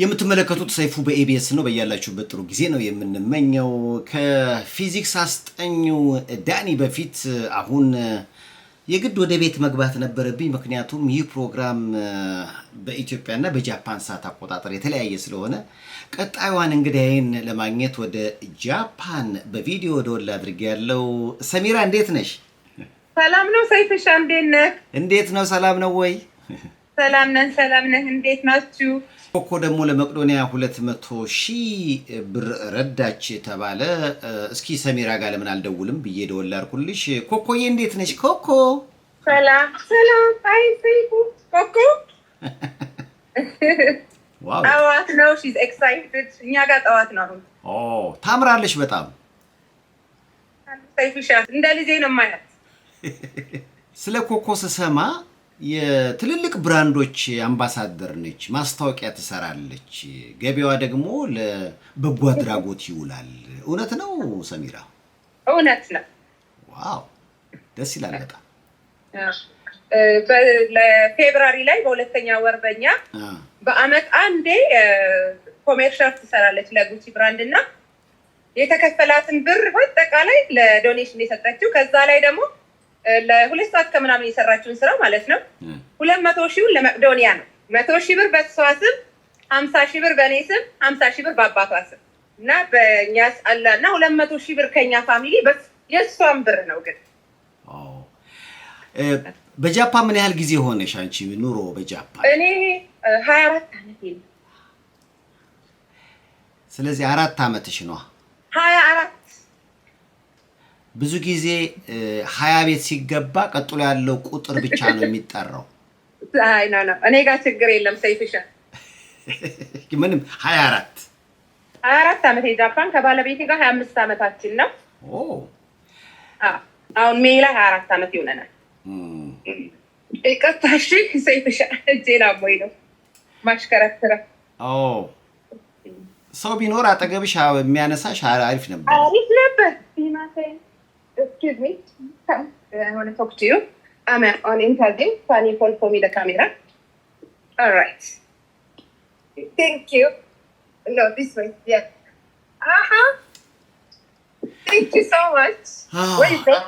የምትመለከቱት ሰይፉ በኤቢኤስ ነው። በያላችሁበት ጥሩ ጊዜ ነው የምንመኘው። ከፊዚክስ አስጠኙ ዳኒ በፊት አሁን የግድ ወደ ቤት መግባት ነበረብኝ። ምክንያቱም ይህ ፕሮግራም በኢትዮጵያና በጃፓን ሰዓት አቆጣጠር የተለያየ ስለሆነ ቀጣዩዋን እንግዳዬን ለማግኘት ወደ ጃፓን በቪዲዮ ወላ አድርጌ ያለው። ሰሚራ እንዴት ነሽ? ሰላም ነው ሰይፍሻ፣ እንዴት ነህ? እንዴት ነው? ሰላም ነው ወይ? ሰላም ነን፣ ሰላም እንዴት ናችሁ? ኮኮ ደግሞ ለመቅዶኒያ 200 ሺህ ብር ረዳች ተባለ። እስኪ ሰሜራ ጋር ለምን አልደውልም ብዬ ደወል ኮኮዬ እንዴት ነች ኮኮ ሰላም ሰላም። አይ ኮኮ ጠዋት ነው። ሺዝ ኤክሳይትድ። እኛ ጋር ጠዋት ነው። አሁን በጣም እንደ ልጄ ነው ስለ ኮኮ ስሰማ የትልልቅ ብራንዶች አምባሳደር ነች። ማስታወቂያ ትሰራለች። ገቢዋ ደግሞ ለበጎ አድራጎት ይውላል። እውነት ነው ሰሚራ? እውነት ነው። ዋው ደስ ይላል። በጣም ለፌብራሪ ላይ በሁለተኛ ወር በኛ በአመት አንዴ ኮሜርሻል ትሰራለች ለጉቺ ብራንድ እና የተከፈላትን ብር በአጠቃላይ ለዶኔሽን የሰጠችው ከዛ ላይ ደግሞ ለሁለት ሰዓት ከምናምን የሰራችውን ስራ ማለት ነው ሁለት መቶ ሺውን ለመቅዶኒያ ነው። መቶ ሺ ብር በሷ ስም፣ ሀምሳ ሺ ብር በእኔ ስም፣ ሀምሳ ሺ ብር በአባቷ ስም እና በእኛ አላ እና ሁለት መቶ ሺ ብር ከኛ ፋሚሊ የእሷን ብር ነው። ግን በጃፓን ምን ያህል ጊዜ ሆነሽ አንቺ ኑሮ በጃፓን? እኔ ሀያ አራት ዓመት ስለዚህ አራት ዓመትሽ ነዋ ሀያ አራት ብዙ ጊዜ ሀያ ቤት ሲገባ ቀጥሎ ያለው ቁጥር ብቻ ነው የሚጠራው። እኔ ጋር ችግር የለም። ሰይፍሻ ምንም ሀያ አራት ሀያ አራት ዓመት የጃፓን ከባለቤቴ ጋር ሀያ አምስት ዓመታችን ነው። አሁን ሜይ ላይ ሀያ አራት ዓመት ይሆነናል። ቀጣሽ ሰይፍሻ እጄን አሞኝ ነው ማሽከረክረ ሰው ቢኖር አጠገብሽ የሚያነሳሽ አሪፍ ነበር፣ አሪፍ ነበር። excuse me, come, I want to talk to you. I'm uh, on interview. Can you hold for me the camera? All right. Thank you. No, this way. Yeah. Uh huh. Thank you so much. Oh. Where are you from?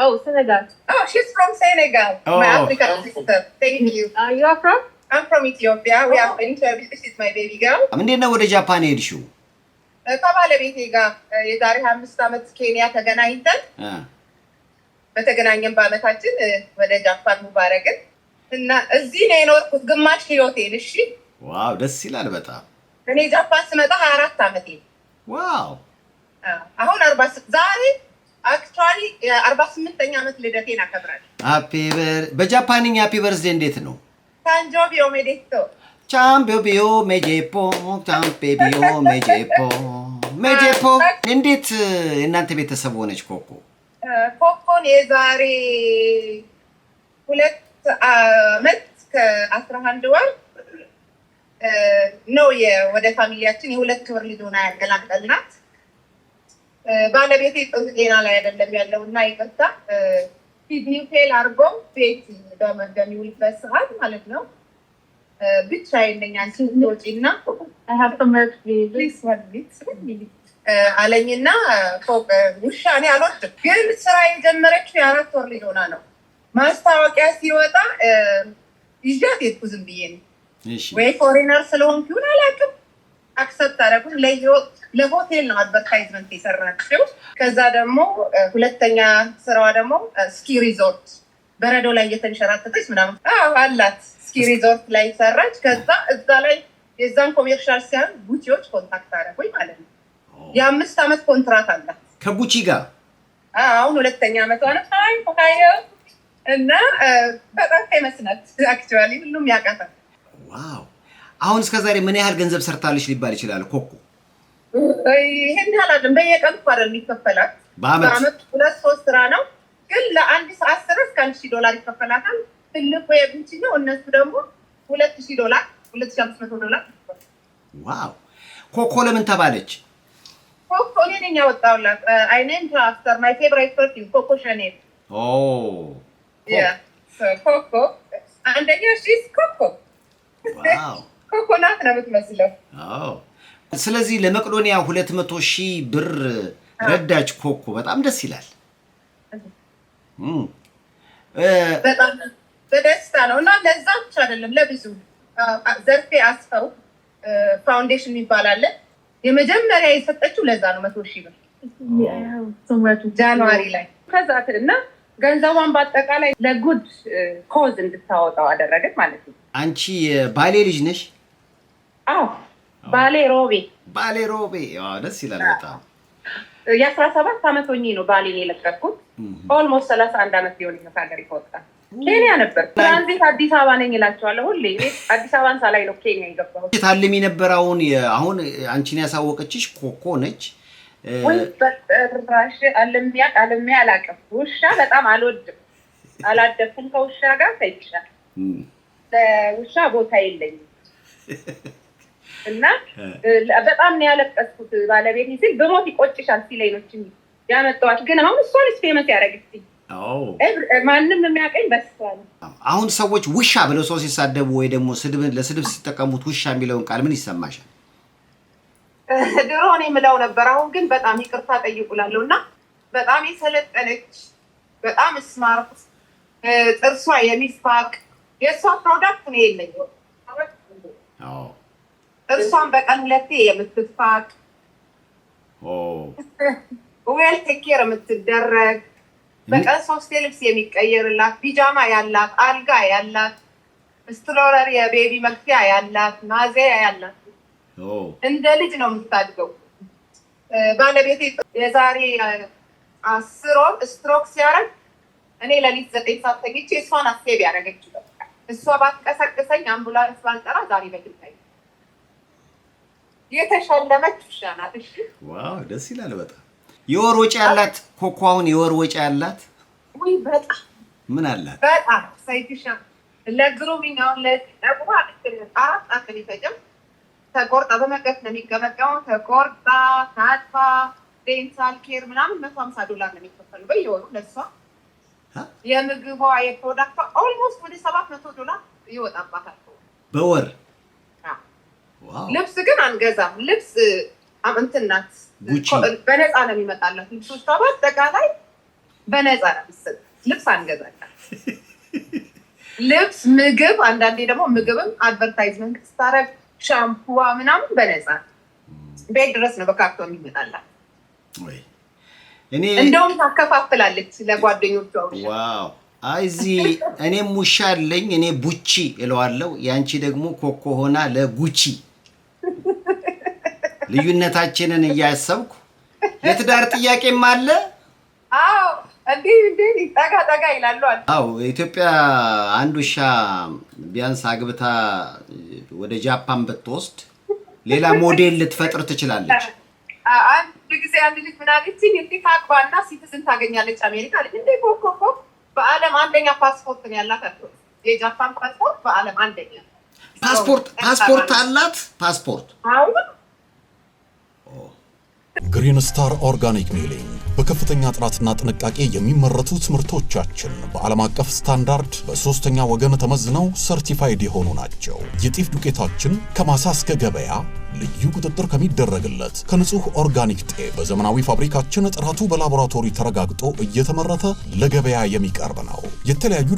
Oh, Senegal. Oh, she's from Senegal. Oh. My African sister. Thank you. Uh, you are from? I'm from Ethiopia. We oh. have interview. This is my baby girl. I'm in the Japan issue. ከባለቤቴ ጋር የዛሬ ሀያ አምስት ዓመት ኬንያ ተገናኝተን በተገናኘን በአመታችን ወደ ጃፓን ሙባረግን እና እዚህ ነው የኖርኩት ግማሽ ህይወቴን። እሺ ዋው ደስ ይላል በጣም እኔ ጃፓን ስመጣ ሀያ አራት ዓመቴ ዋው አሁን አርባ ዛሬ አክቹዋሊ አርባ ስምንተኛ ዓመት ልደቴን አከብራለሁ። በጃፓንኛ ሃፒ በርዝዴ እንዴት ነው? ሳንጆቢ ኦሜዴቶ ቻምፒዮ እንዴት እናንተ ቤተሰብ ሆነች? ኮኮ ኮኮን የዛሬ ሁለት አመት ከአስራ አንድ ወር ነው ወደ ፋሚሊያችን የሁለት ክብር ልጅ ሆና ያገላገልናት። ባለቤቴ ጥሩ ጤና ላይ አይደለም ያለው እና ይቅርታ ፊዚዮቴል አድርጎ ቤት በሚውልበት ሰዓት ማለት ነው ብቻ የለኛን ሲወጪ እና አለኝና ውሻ እኔ አልወድም፣ ግን ስራ የጀመረችው የአራት ወር ልጅ ነው። ማስታወቂያ ሲወጣ ይዣት የትኩ ዝም ብዬ ነው ወይ ፎሬነር ስለሆንኩ ይሁን አላውቅም። አክሰፕት አደረጉን። ለሆቴል ነው አድቨርታይዝመንት የሰራችው። ከዛ ደግሞ ሁለተኛ ስራዋ ደግሞ ስኪ ሪዞርት በረዶ ላይ እየተንሸራተተች ምናምን አላት ስኪ ሪዞርት ላይ ሰራች። ከዛ እዛ ላይ የዛን ኮሜርሻል ሲያን ጉቺዎች ኮንታክት አደረጉኝ ማለት ነው። የአምስት ዓመት ኮንትራት አለ ከጉቺ ጋር አሁን ሁለተኛ ዓመቷ ነው። አይ እና በጣም ይመስላል አክቹዋሊ ሁሉም ያውቃታል። ዋው አሁን እስከ ዛሬ ምን ያህል ገንዘብ ሰርታለች ሊባል ይችላል? ኮኮ ይህን ያህል አይደለም። በየቀኑ አይደለም ይከፈላል። በአመት ሁለት ሶስት ስራ ነው፣ ግን ለአንድ ሰዓት ስር እስከ አንድ ሺህ ዶላር ይከፈላታል። ትልቁ ነው። እነሱ ደግሞ ሁለት ሺህ ዶላር ሁለት ሺህ አምስት መቶ ዶላር። ዋው ኮኮ ለምን ተባለች? ኮኮ እኔ ነኝ ያወጣሁላት። አይ ኔምድ አፍተር ማይ ኮኮ ሻኔል። ኮኮ አንደኛ ኮኮ ኮኮ ናት ነው የምትመስለው። ስለዚህ ለመቅዶኒያ ሁለት መቶ ሺህ ብር ረዳች ኮኮ። በጣም ደስ ይላል። በጣም በደስታ ነው እና ለዛ ብቻ አይደለም ለብዙ ዘርፌ አስፈው ፋውንዴሽን የሚባል አለ። የመጀመሪያ የሰጠችው ለዛ ነው መቶ ሺህ ብር ጃንዋሪ ላይ ከዛ እና ገንዘቧን በአጠቃላይ ለጉድ ኮዝ እንድታወጣው አደረገን ማለት ነው። አንቺ የባሌ ልጅ ነሽ? አዎ ባሌ ሮቤ። ባሌ ሮቤ ደስ ይላል በጣም የአስራ ሰባት አመት ሆኜ ነው ባሌን የለቀኩት ኦልሞስት ሰላሳ አንድ አመት ሊሆን ይመት ሀገር ይወጣል ኬንያ ነበር ትራንዚት አዲስ አበባ ነኝ እላቸዋለሁ። ሁሌ አዲስ አበባን ሳላይ ነው ኬንያ የገባሁት። ታልም ነበር። አሁን አንቺን ያሳወቀችሽ ኮኮ ነች። አለሚያ አልሜ አላውቅም። ውሻ በጣም አልወድም፣ አላደኩም ከውሻ ጋር ተይሻል። ውሻ ቦታ የለኝም እና በጣም ነው ያለቀስኩት። ባለቤት ሲል ብሞት ይቆጭሻል ሲለኝ ነው ያመጣኋት። ግን አሁን እሷን ፌመስ ያደረግችኝ ማንም የሚያቀኝ በስቷ ነው። አሁን ሰዎች ውሻ ብለው ሰው ሲሳደቡ ወይ ደግሞ ለስድብ ሲጠቀሙት ውሻ የሚለውን ቃል ምን ይሰማሻል? ድሮ እኔ የምለው ነበር። አሁን ግን በጣም ይቅርታ ጠይቁላለሁ እና በጣም የሰለጠነች በጣም ስማርት ጥርሷ የሚፋቅ የእሷ ፕሮዳክት ነው የለኝ። እርሷን በቀን ሁለቴ የምትፋቅ ዌል ቴክ ኬር የምትደረግ በቀን ሶስት ልብስ የሚቀየርላት ፒጃማ ያላት አልጋ ያላት ስትሮለር የቤቢ መግፊያ ያላት ማዜያ ያላት እንደ ልጅ ነው የምታድገው። ባለቤቴ የዛሬ አስር ወር ስትሮክ ሲያደርግ እኔ ለሊት ዘጠኝ ሰዓት ተኝቼ እሷን አሴብ ያደረገች እሷ ባትቀሰቅሰኝ አምቡላንስ ባልጠራ ዛሬ በግልታይ የተሸለመች ውሻ ናት። ደስ ይላል በጣም የወር ወጪ ያላት ኮኳውን የወር ወጪ ያላት ምን አላት? ተቆርጣ በመቀስ ነው የሚገመገመው። ተቆርጣ ታጥፋ ዴንታል ኬር ምናምን መቶ ሀምሳ ዶላር ነው የሚከፈሉ በየወሩ ለሷ። የምግቧ የፕሮዳክቷ ኦልሞስት ወደ ሰባት መቶ ዶላር ይወጣባታል በወር። ልብስ ግን አንገዛም ልብስ እንትን ጉቺ በነፃ ነው የሚመጣላት ልብሶቿ በአጠቃላይ በነፃ ነው የሚሰጥ። ልብስ አንገዛላት። ልብስ፣ ምግብ፣ አንዳንዴ ደግሞ ምግብም አድቨርታይዝመንት ስታረግ ሻምፑዋ ምናምን በነፃ ቤት ድረስ ነው በካርቶን የሚመጣላት። እንደውም ታከፋፍላለች ለጓደኞቿ። አይ እዚህ እኔም ውሻ አለኝ። እኔ ቡቺ እለዋለሁ። ያንቺ ደግሞ ኮኮ ሆና ለጉቺ ልዩነታችንን እያሰብኩ የትዳር ጥያቄም አለ። አዎ ጠጋ ጠጋ ይላሉ። አዎ ኢትዮጵያ አንድ ውሻ ቢያንስ አግብታ ወደ ጃፓን ብትወስድ ሌላ ሞዴል ልትፈጥር ትችላለች። አንድ ጊዜ አንድ ልጅ ምን አለችኝ፣ እንዴት አግባ ሲቲዝን ታገኛለች አሜሪካ ልጅ እንዴ ኮኮኮ በዓለም አንደኛ ፓስፖርት ነው ያላት። የጃፓን ፓስፖርት በዓለም አንደኛ ፓስፖርት ፓስፖርት አላት ፓስፖርት አሁን Green Star Organic Milling በከፍተኛ ጥራትና ጥንቃቄ የሚመረቱ ምርቶቻችን በዓለም አቀፍ ስታንዳርድ በሶስተኛ ወገን ተመዝነው ሰርቲፋይድ የሆኑ ናቸው። የጤፍ ዱቄታችን ከማሳ እስከ ገበያ ልዩ ቁጥጥር ከሚደረግለት ከንጹህ ኦርጋኒክ ጤፍ በዘመናዊ ፋብሪካችን ጥራቱ በላቦራቶሪ ተረጋግጦ እየተመረተ ለገበያ የሚቀርብ ነው። የተለያዩ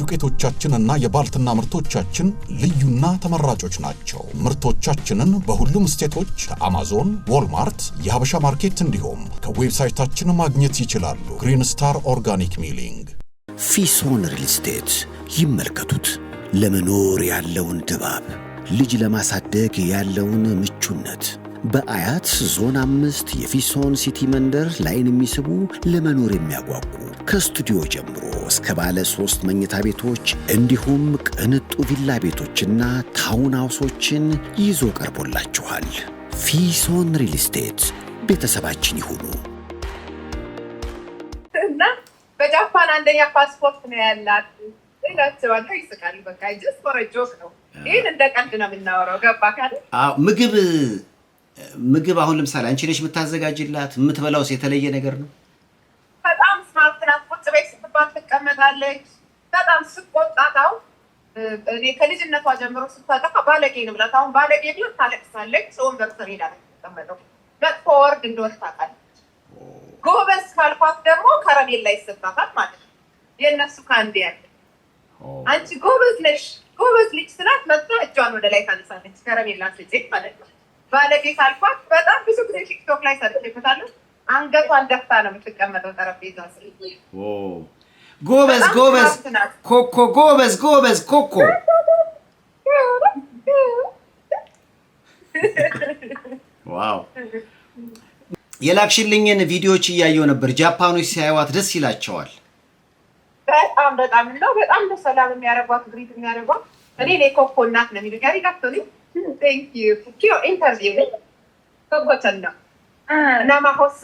እና የባልትና ምርቶቻችን ልዩና ተመራጮች ናቸው። ምርቶቻችንን በሁሉም ስቴቶች ከአማዞን፣ ዎልማርት፣ የሀበሻ ማርኬት እንዲሁም ከዌብሳይታችን ማግኘት ማግኘት ይችላሉ። ግሪን ስታር ኦርጋኒክ ሚሊንግ። ፊሶን ሪል ስቴት ይመልከቱት። ለመኖር ያለውን ድባብ፣ ልጅ ለማሳደግ ያለውን ምቹነት በአያት ዞን አምስት የፊሶን ሲቲ መንደር ላይን የሚስቡ ለመኖር የሚያጓጉ ከስቱዲዮ ጀምሮ እስከ ባለ ሶስት መኝታ ቤቶች እንዲሁም ቅንጡ ቪላ ቤቶችና ታውን ሃውሶችን ይዞ ቀርቦላችኋል። ፊሶን ሪል ስቴት ቤተሰባችን ይሁኑ። አንደኛ ፓስፖርት ነው ያላት እላቸዋለሁ። ይስቃሉ። በቃ ጀስት ፎር ጆክ ነው። ይህን እንደ ቀልድ ነው የምናወራው። ገባ ካለ ምግብ ምግብ አሁን ለምሳሌ አንቺ ነሽ የምታዘጋጅላት? የምትበላውስ የተለየ ነገር ነው? በጣም ስማርት ናት። ቁጭ ቤት ስትባል ትቀመጣለች። በጣም ስቆጣታው እኔ ከልጅነቷ ጀምሮ ስታጠፋ ባለጌ ነው ብላት፣ አሁን ባለጌ ቢሆን ታለቅሳለች። ሰውን በርሰ ሄዳ ትቀመጠው መጥፎ ወርድ እንደወር ታውቃለች። ጎበዝ ካልኳት ደግሞ ከረሜላ ይሰጣታል ማለት ነው የእነሱ ከአንድ ያለ አንቺ ጎበዝ ነሽ ጎበዝ ልጅ ስላት መጥታ እጇን ወደ ላይ ታነሳለች። ከረሜላ ስጭት ማለት ነው። ባለጌ ካልኳት በጣም ብዙ ጊዜ ቲክቶክ ላይ ሰርቼበታለሁ። አንገቷን ደፍታ ነው የምትቀመጠው ጠረጴዛ ስ ጎበዝ ጎበዝ ኮኮ ጎበዝ ጎበዝ ኮኮ ዋው የላክሽልኝን ቪዲዮዎች እያየው ነበር። ጃፓኖች ሲያዩዋት ደስ ይላቸዋል። በጣም በጣም ነው። በጣም በሰላም የሚያረጓት ግሪት የሚያደርጓት እኔ ኔ ኮኮ እናት ነው የሚሉኝ አሪጋቶኒ ቴንኪዩ ኢንተርቪው ኮኮተን ነው ናማ ሆሶ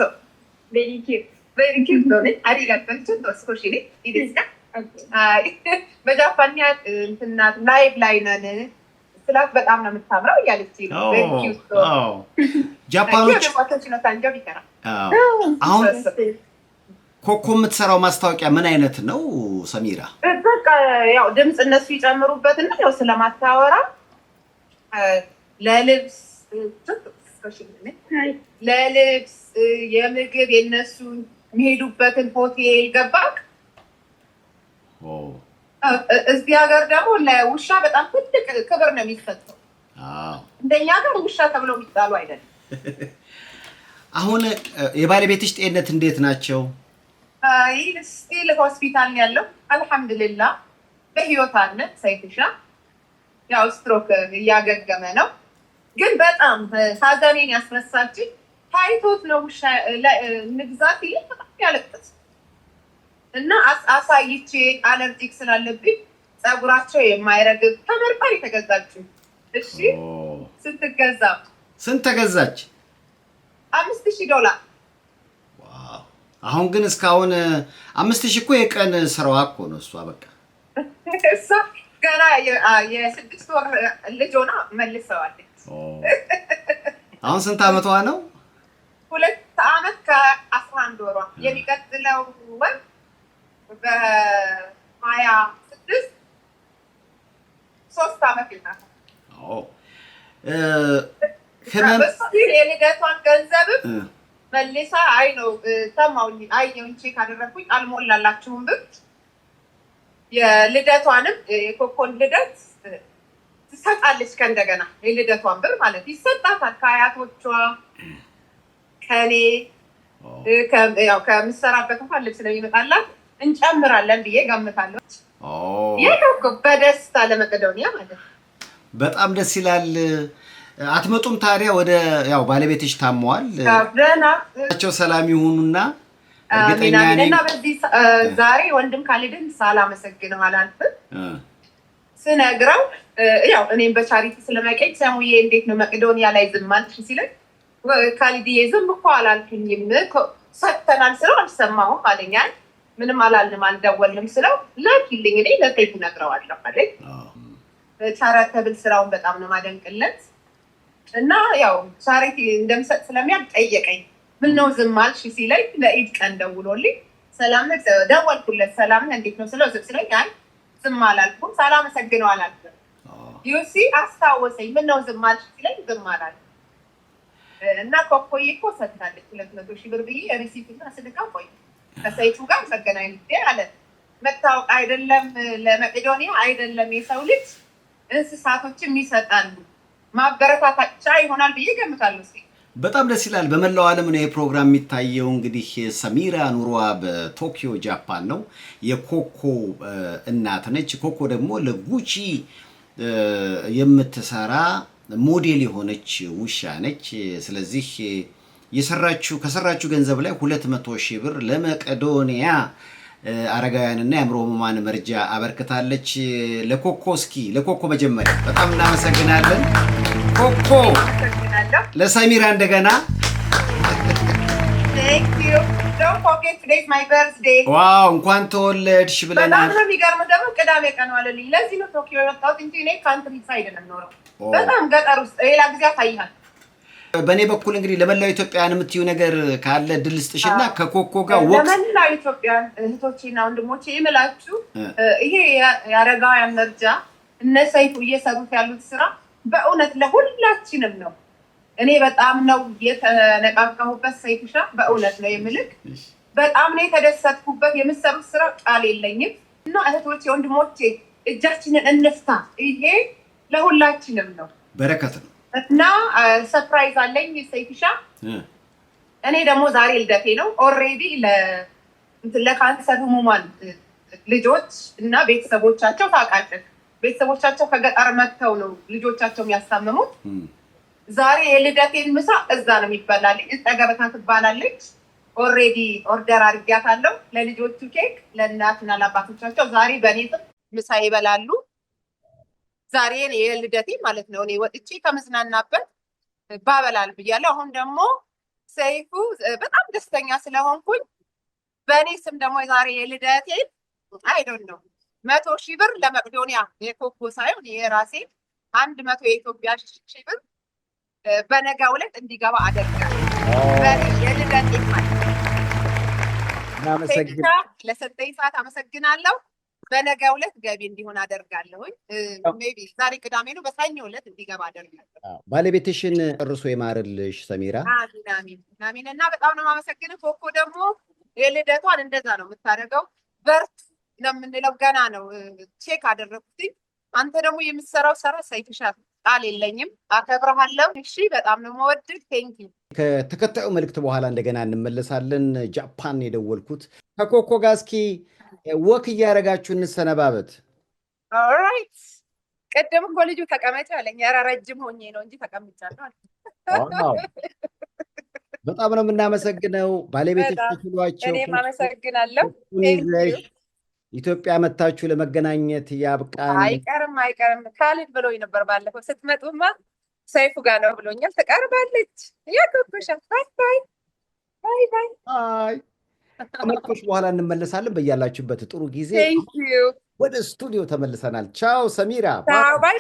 በጃፓን እንትናት ላይቭ ላይ ነን ስላት በጣም ነው የምታምረው እያለች ጃፓኖች አሁን ኮኮ የምትሰራው ማስታወቂያ ምን አይነት ነው ሰሚራ? በቃ ያው ድምፅ እነሱ ይጨምሩበትና ያው ስለማታወራ ለልብስ ለልብስ የምግብ የነሱ የሚሄዱበትን ሆቴል ገባክ። እዚህ ሀገር ደግሞ ለውሻ በጣም ትልቅ ክብር ነው የሚሰጠው። እንደኛ ሀገር ውሻ ተብሎ የሚጣሉ አይደለም። አሁን የባለቤትሽ ጤንነት እንዴት ናቸው? አይ ስቲል ሆስፒታል ያለው አልሐምድልላ በህይወት አለ። ሳይትሻ ያው ስትሮክ እያገገመ ነው። ግን በጣም ሀዘኔን ያስነሳች ታይቶት ነው ንግዛት በጣም ያለቅስ እና አሳይቼ አለርጂክ ስላለብኝ ፀጉራቸው የማይረግብ ተመርመሪ የተገዛች እሺ ስትገዛ ስንት ተገዛች? አምስት ሺህ ዶላር አሁን ግን እስካሁን አምስት ሺህ እኮ የቀን ስራዋ እኮ ነው እሷ በቃ እሷ ገና የስድስት ወር ልጅ ሆና መልሰዋለች። አሁን ስንት አመቷ ነው? ሁለት አመት ከአስራ አንድ ወሯ የሚቀጥለው ወር በሀያ ስድስት ሶስት አመት ይሆናታል። ህመም የልደቷን ገንዘብም መልሳ አይ ነው ሰማሁኝ፣ አየሁኝ፣ ቼክ አደረግኩኝ፣ አልሞላላችሁም ብት የልደቷንም የኮኮን ልደት ትሰጣለች ከእንደገና የልደቷን ብር ማለት ይሰጣታል። ከአያቶቿ ከኔ ከምሰራበት እንኳን ልብስ ስለሚመጣላት እንጨምራለን ብዬ ገምታለች። ይህ በደስታ ለመቀደውኒያ ማለት በጣም ደስ ይላል። አትመጡም ታዲያ? ወደ ያው ባለቤትሽ ታመዋል ቸው ሰላም ይሁኑና እርግጠኛ ነኝ በዚህ ዛሬ ወንድም ካሌድን ሳላመሰግነው አላልፍም። ስነግረው ያው እኔም በቻሪቲ ስለመቀኝ ሰሙዬ እንዴት ነው መቅዶኒያ ላይ ዝም አልሽ ሲለኝ ካሊድዬ ዝም እኮ አላልኩኝም ሰጥተናል ስለው አልሰማሁም አለኛል። ምንም አላልንም አልደወልንም ስለው ላኪልኝ እኔ ለሰይፉ ነግረዋለሁ አለኝ። ተብል ስራውን በጣም ነው ማደንቅለት እና ያው ሻሬት እንደምሰጥ ስለሚያል ጠየቀኝ። ምን ነው ዝም አልሽ ሲለኝ ለኢድ ቀን ደውሎልኝ ሰላም ደወልኩለት። ሰላም እንዴት ነው ስለው ዝም ስለኝ አይ ዝም አላልኩም ሳላመሰግነው አላልኩም። ዩሲ አስታወሰኝ። ምን ነው ዝም አልሽ ሲለኝ ዝም አላልኩም እና ኮኮይ እኮ ሰጥታለች ሁለት መቶ ሺህ ብር ብዬ ሪሲፕት እና ስልካ ቆይ ከሰይቱ ጋር መገናኝ አለ መታወቅ አይደለም ለመቄዶኒያ አይደለም የሰው ልጅ እንስሳቶችም ይሰጣሉ ማበረታቻ ይሆናል ብዬ ገምታለሁ። በጣም ደስ ይላል። በመላው ዓለም ነው የፕሮግራም የሚታየው። እንግዲህ ሰሚራ ኑሯ በቶኪዮ ጃፓን ነው። የኮኮ እናት ነች። ኮኮ ደግሞ ለጉቺ የምትሰራ ሞዴል የሆነች ውሻ ነች። ስለዚህ የሰራችሁ ከሰራችሁ ገንዘብ ላይ ሁለት መቶ ሺህ ብር ለመቀዶንያ ። አረጋውያንና የአእምሮ ህሙማን መርጃ አበርክታለች። ለኮኮ እስኪ ለኮኮ መጀመሪያ በጣም እናመሰግናለን ኮኮ። ለሰሚራ እንደገና ዋው እንኳን ተወለድሽ ብለናል። በጣም የሚገርም ደግሞ ቅዳሜ ቀን አለልኝ። ለዚህ ነው ቶኪዮ የመጣሁት እንጂ እኔ ካንትሪ ሳይድ ነው የምኖረው፣ በጣም ገጠር ውስጥ ሌላ ጊዜ ታይሃል በእኔ በኩል እንግዲህ ለመላው ኢትዮጵያውያን የምትዩ ነገር ካለ ድል ስጥሽና ከኮኮ ጋር ወቅት ለመላው ኢትዮጵያውያን እህቶቼና ወንድሞቼ የምላችሁ ይሄ የአረጋውያን መርጃ እነ ሰይፉ እየሰሩት ያሉት ስራ በእውነት ለሁላችንም ነው። እኔ በጣም ነው የተነቃቀሁበት። ሰይፉሻ በእውነት ነው የምልክ በጣም ነው የተደሰትኩበት። የምሰሩት ስራ ቃል የለኝም እና እህቶቼ ወንድሞቼ፣ እጃችንን እንፍታ። ይሄ ለሁላችንም ነው፣ በረከት ነው። እና ሰርፕራይዝ አለኝ ሰይፍሻ። እኔ ደግሞ ዛሬ ልደቴ ነው። ኦሬዲ ለካንሰር ህሙማን ልጆች እና ቤተሰቦቻቸው ታውቃለህ፣ ቤተሰቦቻቸው ከገጠር መጥተው ነው ልጆቻቸው የሚያሳምሙት። ዛሬ የልደቴን ምሳ እዛ ነው የሚበላልኝ። እንጠገበታ ትባላለች። ኦሬዲ ኦርደር አድርጊያታለሁ ለልጆቹ ኬክ፣ ለእናትና ለአባቶቻቸው ዛሬ በእኔ ምሳ ይበላሉ። ዛሬ የልደቴ ማለት ነው እኔ ወጥቼ ከመዝናናበት ባበላል ብያለሁ። አሁን ደግሞ ሰይፉ በጣም ደስተኛ ስለሆንኩኝ በእኔ ስም ደግሞ የዛሬ የልደቴ አይዶን ነው መቶ ሺ ብር ለመቅዶኒያ የኮኮ ሳይሆን የራሴ አንድ መቶ የኢትዮጵያ ሺ ብር በነጋ ውለት እንዲገባ አደርጋለሁ። በእኔ የልደቴ ማለት ነው። ለሰጠኝ ሰዓት አመሰግናለሁ። በነገ ሁለት ገቢ እንዲሆን አደርጋለሁኝ። ቢ ዛሬ ቅዳሜ ነው፣ በሰኞ ሁለት እንዲገባ አደርጋለሁ። ባለቤትሽን እርሶ የማርልሽ ሰሚራ። አሚን እና በጣም ነው ማመሰግን ኮኮ ደግሞ የልደቷን እንደዛ ነው የምታደርገው። በርት ነው የምንለው። ገና ነው ቼክ አደረኩትኝ። አንተ ደግሞ የምትሰራው ሰራ ሳይፍሻል ቃል የለኝም። አከብረሃለው እሺ፣ በጣም ነው መወድድ። ቴንኪ። ከተከታዩ መልእክት በኋላ እንደገና እንመለሳለን። ጃፓን የደወልኩት ከኮኮ ጋስኪ ወክ እያደረጋችሁ እንሰነባበት። ኦራይት ቅድም እኮ ልጁ ተቀመጭ አለኝ። ኧረ ረጅም ሆኜ ነው እንጂ ተቀምጫለሁ። በጣም ነው የምናመሰግነው። ባለቤቶች ትሏቸው። እኔም አመሰግናለሁ። ኢትዮጵያ መታችሁ ለመገናኘት ያብቃን። አይቀርም አይቀርም። ካሊድ ብሎኝ ነበር ባለፈው ስትመጡማ ሰይፉ ጋር ነው ብሎኛል። ትቀርባለች። ያገብሻል። ባይ ባይ ባይ ባይ ከመልኮች በኋላ እንመለሳለን። በያላችሁበት ጥሩ ጊዜ። ወደ ስቱዲዮ ተመልሰናል። ቻው ሰሚራ ባይ